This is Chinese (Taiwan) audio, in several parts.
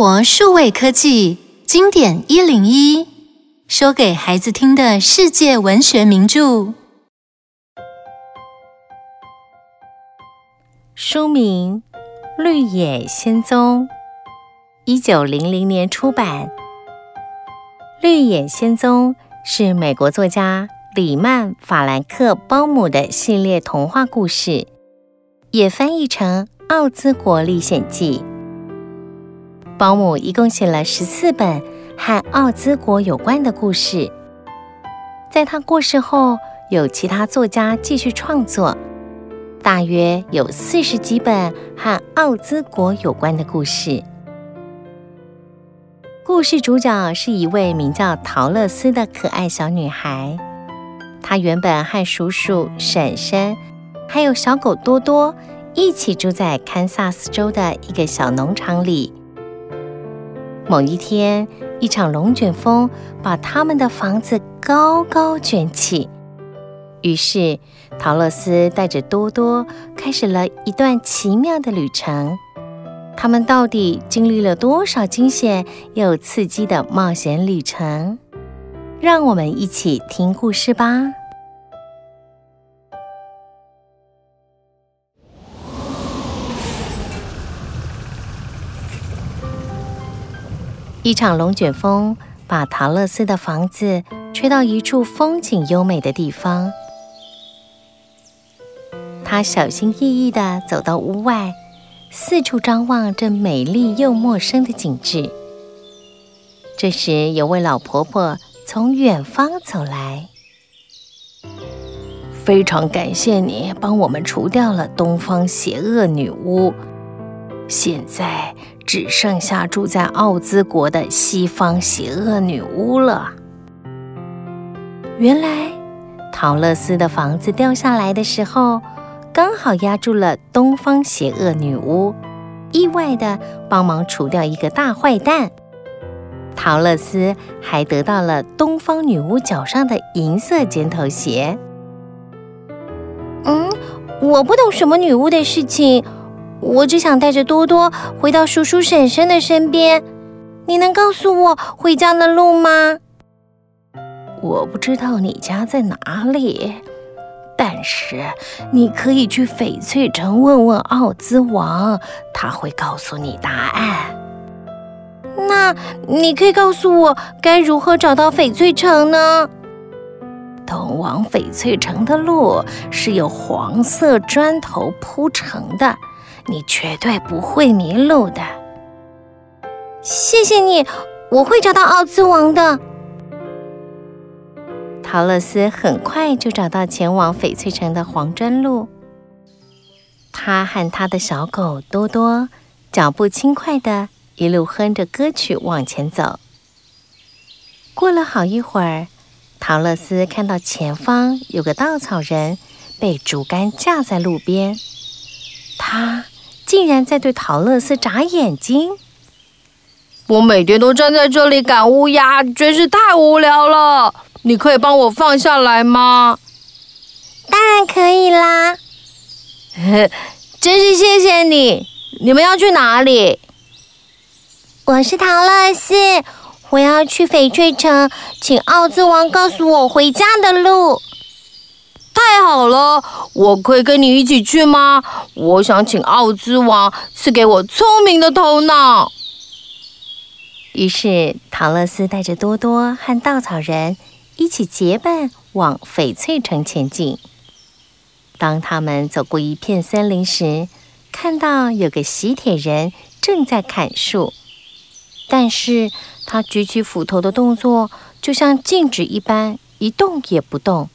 活數位科技經典一零一，說給孩子聽的世界文學名著。書名《綠野仙蹤》，一九零零年出版。《綠野仙蹤》是美國作家李曼法蘭克鮑姆的系列童話故事，也翻譯成《奧茲國歷險記》。保姆一共寫了十四本和奧茲國有關的故事。在他過世後，有其他作家繼續創作，大約有四十幾本和奧茲國有關的故事。故事主角是一位名叫桃樂絲的可愛小女孩。她原本和叔叔、嬸嬸，還有小狗多多一起住在堪薩斯州的一個小農場裡。某一天，一場龍捲風把他們的房子高高捲起。於是，桃樂絲帶着多多開始了一段奇妙的旅程。他們到底經歷了多少驚險又刺激的冒險旅程？讓我們一起聽故事吧。一場龍捲風把桃樂絲的房子吹到一處風景優美的地方。她小心翼翼地走到屋外，四處張望這美麗又陌生的景致。這時，有位老婆婆從遠方走來。非常感謝你幫我們除掉了東方邪惡女巫。現在。只剩下住在奧茲國的西方邪惡女巫了。原來，桃樂絲的房子掉下來的時候，剛好壓住了東方邪惡女巫，意外的幫忙除掉一個大壞蛋。桃樂絲還得到了東方女巫腳上的銀色尖頭鞋。嗯，我不懂什麼女巫的事情。我只想帶着多多回到叔叔嬸嬸的身邊。你能告訴我回家的路嗎？我不知道你家在哪裡，但是你可以去翡翠城問問奧茲王，他會告訴你答案。那你可以告訴我該如何找到翡翠城呢？通往翡翠城的路是由黃色磚頭鋪成的。你絕對不會迷路的。謝謝你，我會找到奧茲王的。桃樂絲很快就找到前往翡翠城的黃磚路，她和她的小狗多多腳步輕快的，一路哼着歌曲，往前走。過了好一會兒，桃樂絲看到前方有個稻草人被竹竿架在路邊，她。竟然在對陶樂斯眨眼睛！我每天都站在這裡趕烏鴉，真是太無聊了。你可以幫我放下來嗎？當然可以啦！嘿嘿，真是謝謝你。你們要去哪裡？我是陶樂斯，我要去翡翠城，請奧茲王告訴我回家的路。太好了，我可以跟你一起去嗎？我想請奧茲王賜給我聰明的頭腦。於是，桃樂絲帶着多多和稻草人一起結伴往翡翠城前進。當他們走過一片森林時，看到有個錫鐵人正在砍樹，但是他舉起斧頭的動作就像靜止一般，一動也不動。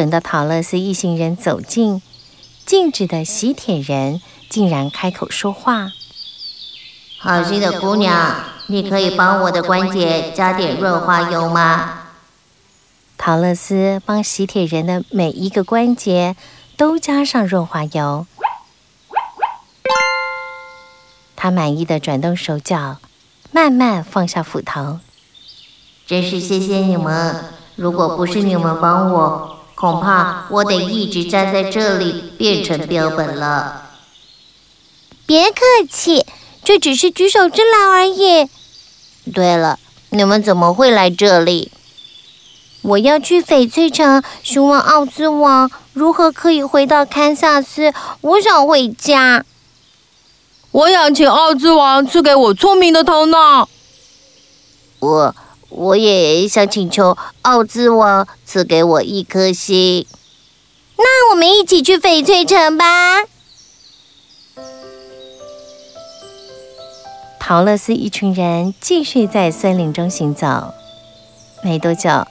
等到桃樂絲一行人走近，靜止的錫鐵人竟然開口說話：“好心的姑娘，你可以幫我的關節加點潤滑油嗎？”桃樂絲幫錫鐵人的每一個關節都加上潤滑油，他滿意的轉動手腳，慢慢放下斧頭。真是謝謝你們！如果不是你們幫我。恐怕我得一直站在這裡變成標本了。別客氣，這只是舉手之勞而已。對了，你們怎麼會來這裡？我要去翡翠城詢問奧茲王如何可以回到堪薩斯。我想回家。我想請奧茲王賜給我聰明的頭腦。我。我也想請求奧茲王賜給我一顆心。那我們一起去翡翠城吧。桃樂絲一群人繼續在森林中行走，沒多久，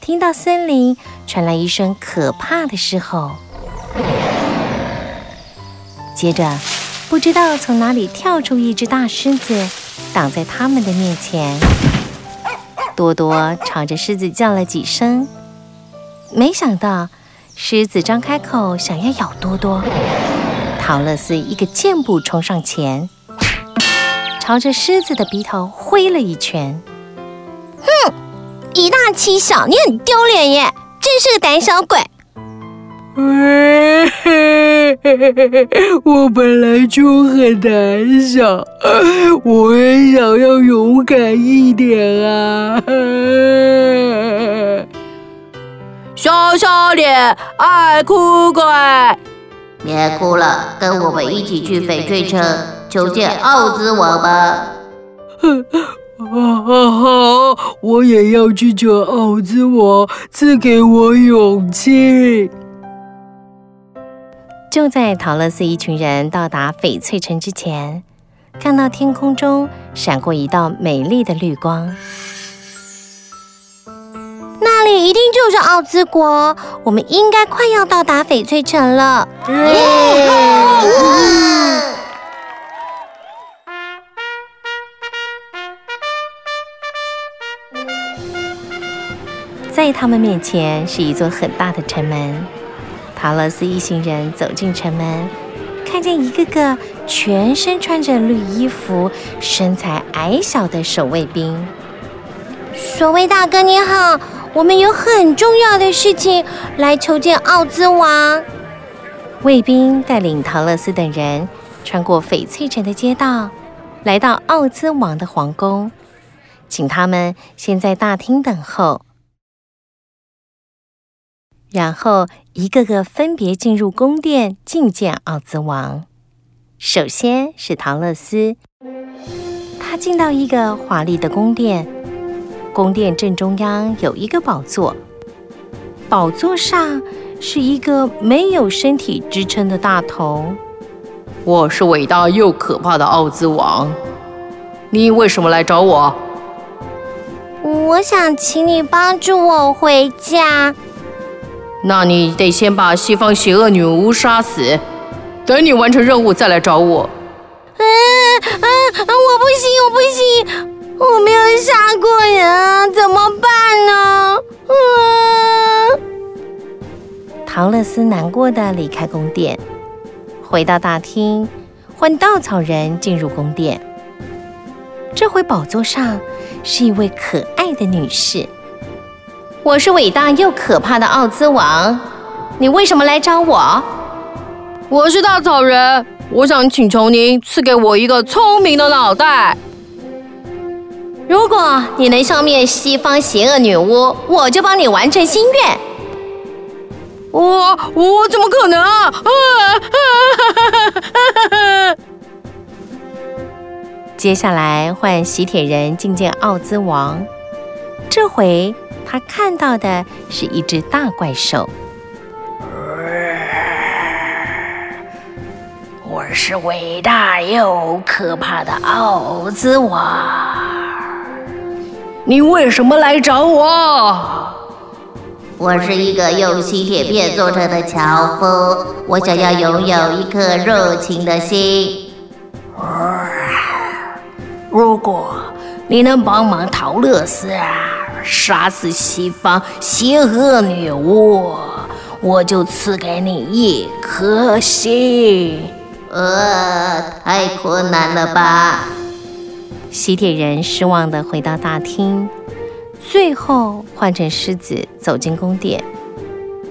聽到森林傳來一聲可怕的獅吼，接着，不知道從哪裡跳出一只大獅子，擋在他們的面前。多多朝着獅子叫了幾聲，沒想到獅子張開口想要咬多多，桃樂絲一個箭步衝上前，朝着獅子的鼻頭揮了一拳。哼、嗯，以大欺小，你很丟臉耶！真是個膽小鬼。嗯我本來就很膽小，我也想要勇敢一點啊！羞羞臉，愛哭鬼，別哭了，跟我們一起去翡翠城求見奧茲王吧、啊。好，我也要去求奧茲王賜給我勇氣。就在桃樂絲一群人到達翡翠城之前，看到天空中閃過一道美麗的綠光。那裡一定就是奧茲國，我們應該快要到達翡翠城了。 在他們面前是一座很大的城門。桃樂絲一行人走進城門，看見一個個全身穿着綠衣服、身材矮小的守衛兵。守衛大哥你好，我們有很重要的事情來求見奧茲王。衛兵帶領桃樂絲等人穿過翡翠城的街道，來到奧茲王的皇宮，請他們先在大廳等候。然後，一個個分別進入宮殿覲見奧茲王。首先是唐樂斯，他進到一個華麗的宮殿，宮殿正中央有一個寶座，寶座上是一個沒有身體支撐的大頭。我是偉大又可怕的奧茲王，你為什麼來找我？我想請你幫助我回家。那你得先把西方邪惡女巫殺死，等你完成任務再來找我。啊啊啊！我不行，我不行，我沒有殺過人啊，怎麼辦呢？啊！桃樂絲難過地離開宮殿，回到大廳，換稻草人進入宮殿。這回寶座上是一位可愛的女士。我是偉大又可怕的奧茲王，你為什麼來找我？我是稻草人，我想請求您賜給我一個聰明的腦袋。如果你能消滅西方邪惡女巫，我就幫你完成心願。我我怎麼可能啊？啊啊啊，啊，啊，啊，啊。接下來換錫鐵人覲見奧茲王。這回他看到的是一隻大怪獸。呃，我是偉大又可怕的奧茲瓦，你為什麼來找我？我是一個用錫鐵片做成的樵夫，我想要擁有一顆熱情的心。呃，如果。你能幫忙桃樂絲啊，殺死西方邪惡女巫，我就賜給你一顆心。呃、哦，太困難了吧？錫鐵人失望地回到大廳，最後換成獅子走進宮殿。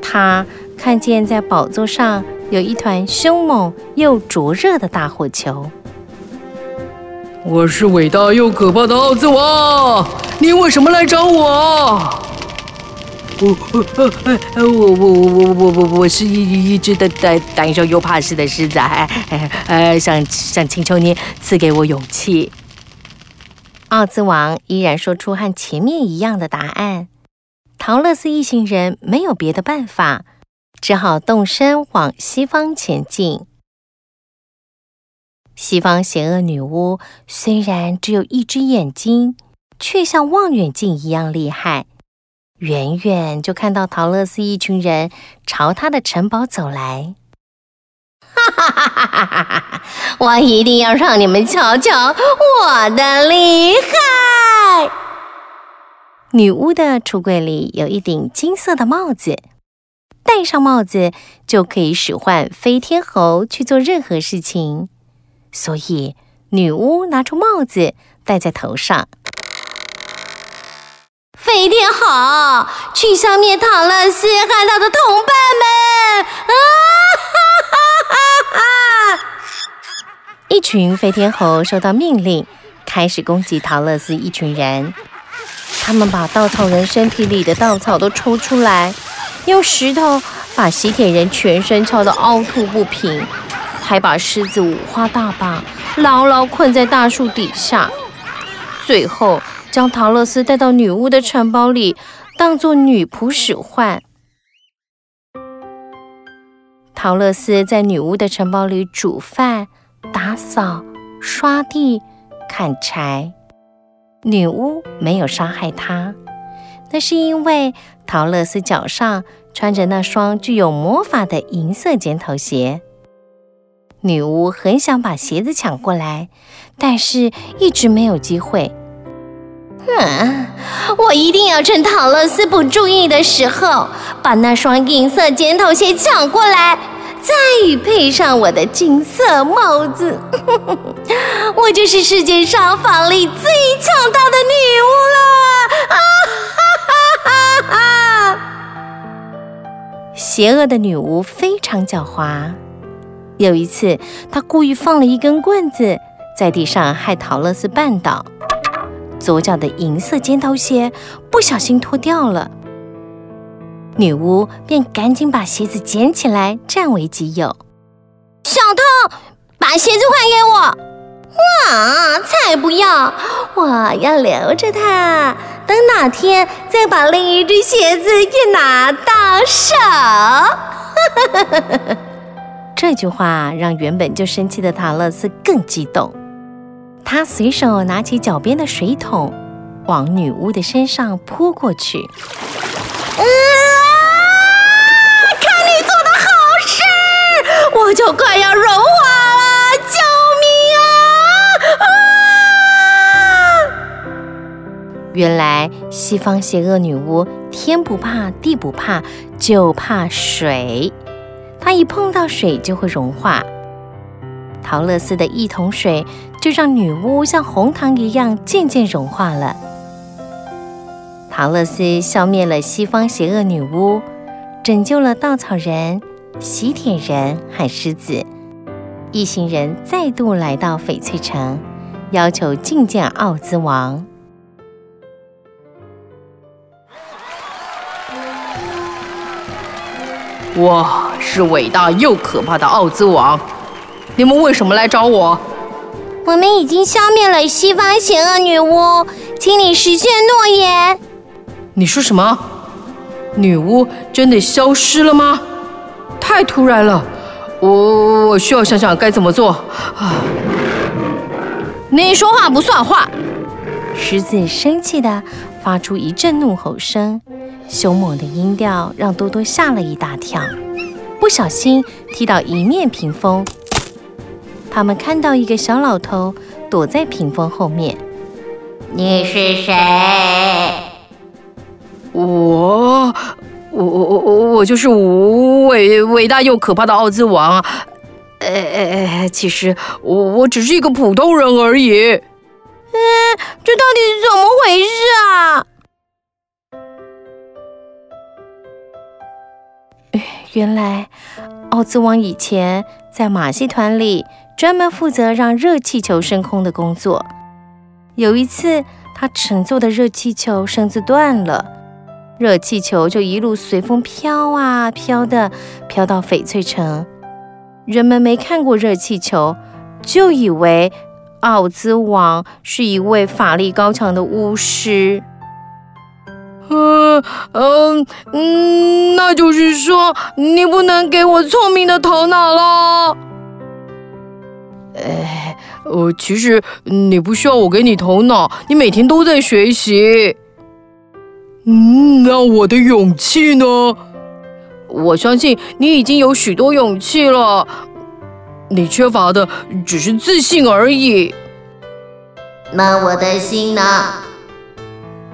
他看見在寶座上有一團兇猛又灼熱的大火球。我是偉大又可怕的奧茲王，你為什麼來找我？我我我我我我我我是一一只膽膽膽小又怕事的獅子，哎，想想請求您賜給我勇氣。奧茲王依然說出和前面一樣的答案。桃樂絲一行人沒有別的辦法，只好動身往西方前進。西方邪惡女巫雖然只有一只眼睛，卻像望遠鏡一樣厲害，遠遠就看到桃樂絲一群人朝她的城堡走來。哈哈哈哈哈哈！我一定要讓你們瞧瞧我的厲害！女巫的櫥櫃裡有一頂金色的帽子，戴上帽子就可以使喚飛天猴去做任何事情。所以，女巫拿出帽子戴在頭上。飛天猴去消滅唐樂斯和他的同伴們。啊哈哈哈哈！一群飛天猴收到命令，開始攻擊唐樂斯一群人。他們把稻草人身體裡的稻草都抽出來，用石頭把錫鐵人全身敲得凹凸不平。還把獅子五花大綁，牢牢困在大樹底下，最後將桃樂絲帶到女巫的城堡裡，當做女僕使喚。桃樂絲在女巫的城堡裡煮飯、打掃、刷地、砍柴。女巫沒有傷害她，那是因為桃樂絲腳上穿着那雙具有魔法的銀色尖頭鞋。女巫很想把鞋子搶過來，但是一直沒有機會。嗯、啊，我一定要趁桃樂絲不注意的時候，把那雙銀色尖頭鞋搶過來，再配上我的金色帽子， 我就是世界上法力最強大的女巫了！哈哈哈哈！邪惡的女巫非常狡猾。有一次，他故意放了一根棍子在地上，害桃樂絲絆倒，左腳的銀色尖頭鞋不小心脫掉了。女巫便趕緊把鞋子撿起來占為己有。小偷，把鞋子還給我！哇，才不要！我要留着它，等哪天再把另一隻鞋子也拿到手。 這句話讓原本就生氣的塔勒斯更激動，他隨手拿起腳邊的水桶，往女巫的身上潑過去。啊！看你做的好事，我就快要融化了，救命啊！啊！原來西方邪惡女巫天不怕地不怕，就怕水。他一碰到水就會融化。桃樂絲的一桶水，就讓女巫像紅糖一樣漸漸融化了。桃樂絲消滅了西方邪惡女巫，拯救了稻草人、錫鐵人和獅子。一行人再度來到翡翠城，要求覲見奧茲王。哇！是偉大又可怕的奧茲王，你們為什麼來找我？我們已經消滅了西方邪惡女巫，請你實現諾言。你說什麼？女巫真的消失了嗎？太突然了，我我需要想想該怎麼做啊！你說話不算話！獅子生氣地發出一陣怒吼聲，凶猛的音調讓多多嚇了一大跳。不小心踢到一面屏風，他們看到一個小老頭躲在屏風後面。你是誰？我我我我我就是偉偉大又可怕的奧茲王啊！呃呃呃，其實我我只是一個普通人而已。嗯，這到底是怎麼回事啊？原來，奧茲王以前在馬戲團裡專門負責讓熱氣球升空的工作。有一次，他乘坐的熱氣球繩子斷了，熱氣球就一路隨風飄啊飄的，飄到翡翠城。人們沒看過熱氣球，就以為奧茲王是一位法力高強的巫師。嗯嗯，那就是說你不能給我聰明的頭腦了。呃，其實你不需要我給你頭腦，你每天都在學習。嗯，那我的勇氣呢？我相信你已經有許多勇氣了，你缺乏的只是自信而已。那我的心呢？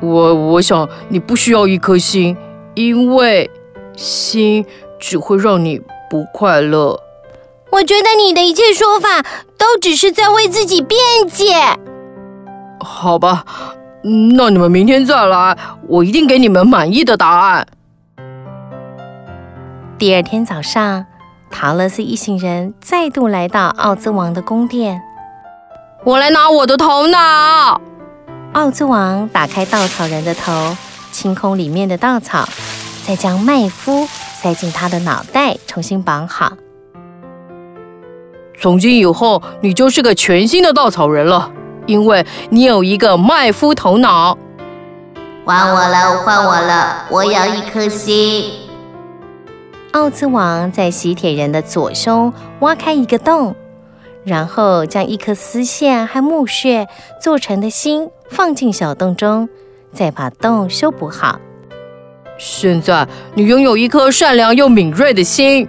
我我，想你不需要一顆心，因為心只會讓你不快樂。我覺得你的一切說法都只是在為自己辯解。好吧，那你們明天再來，我一定給你們滿意的答案。第二天早上，桃樂絲一行人再度來到奧茲王的宮殿。我來拿我的頭腦。奧茲王打開稻草人的頭，清空裡面的稻草，再將麥麩塞進他的腦袋，重新綁好。從今以後，你就是個全新的稻草人了，因為你有一個麥麩頭腦。換我了，換我了，我要一顆心。奧茲王在錫鐵人的左胸挖開一個洞。然後將一顆絲線和木屑做成的心放進小洞中，再把洞修補好。現在你擁有一顆善良又敏銳的心。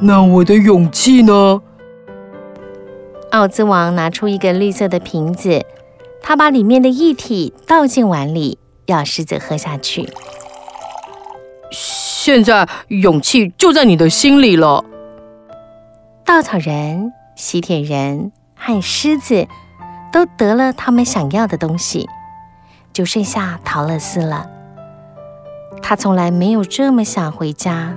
那我的勇氣呢？奧茲王拿出一個綠色的瓶子，他把裡面的液體倒進碗裡，要獅子喝下去。現在勇氣就在你的心裡了。稻草人。錫鐵人和獅子都得了他們想要的東西，就剩下桃樂絲了。他從來沒有這麼想回家。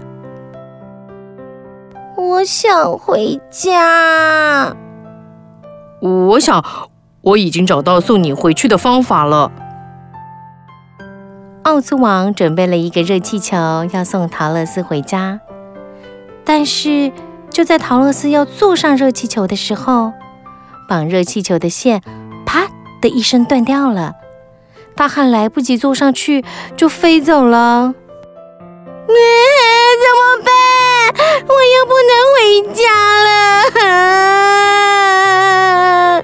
我想回家。我想，我已經找到送你回去的方法了。奧茲王準備了一個熱氣球要送桃樂絲回家，但是。就在桃樂絲要坐上熱氣球的時候，綁熱氣球的線“啪”的一聲斷掉了，大漢來不及坐上去就飛走了，啊。怎麼辦？我又不能回家了。啊、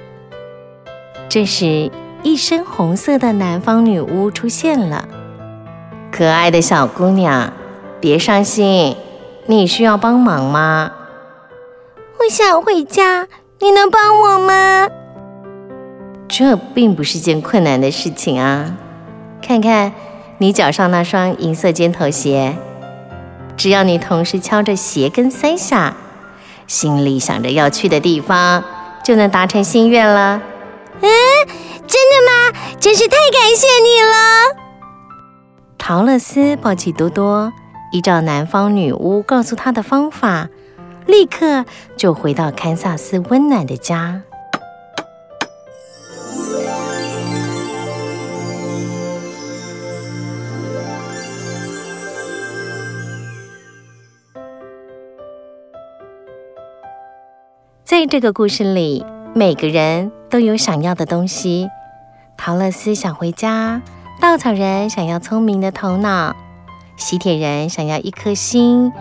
這時，一身紅色的南方女巫出現了。可愛的小姑娘，別傷心，你需要幫忙嗎？我想回家，你能幫我嗎？這並不是件困難的事情啊！看看你腳上那雙銀色尖頭鞋，只要你同時敲着鞋跟三下，心裡想着要去的地方，就能達成心願了。嗯，真的嗎？真是太感謝你了！桃樂絲抱起多多，依照南方女巫告訴她的方法。立刻就回到堪薩斯溫暖的家。在這個故事裡，每個人都有想要的東西。桃樂絲想回家，稻草人想要聰明的頭腦，錫鐵人想要一顆心。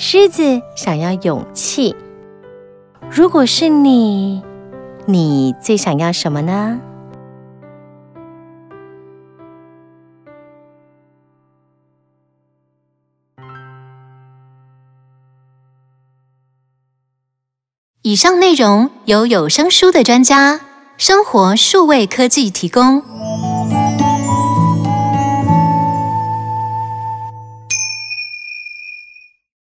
獅子想要勇氣。如果是你，你最想要什麼呢？以上內容由有聲書的專家聲活數位科技提供。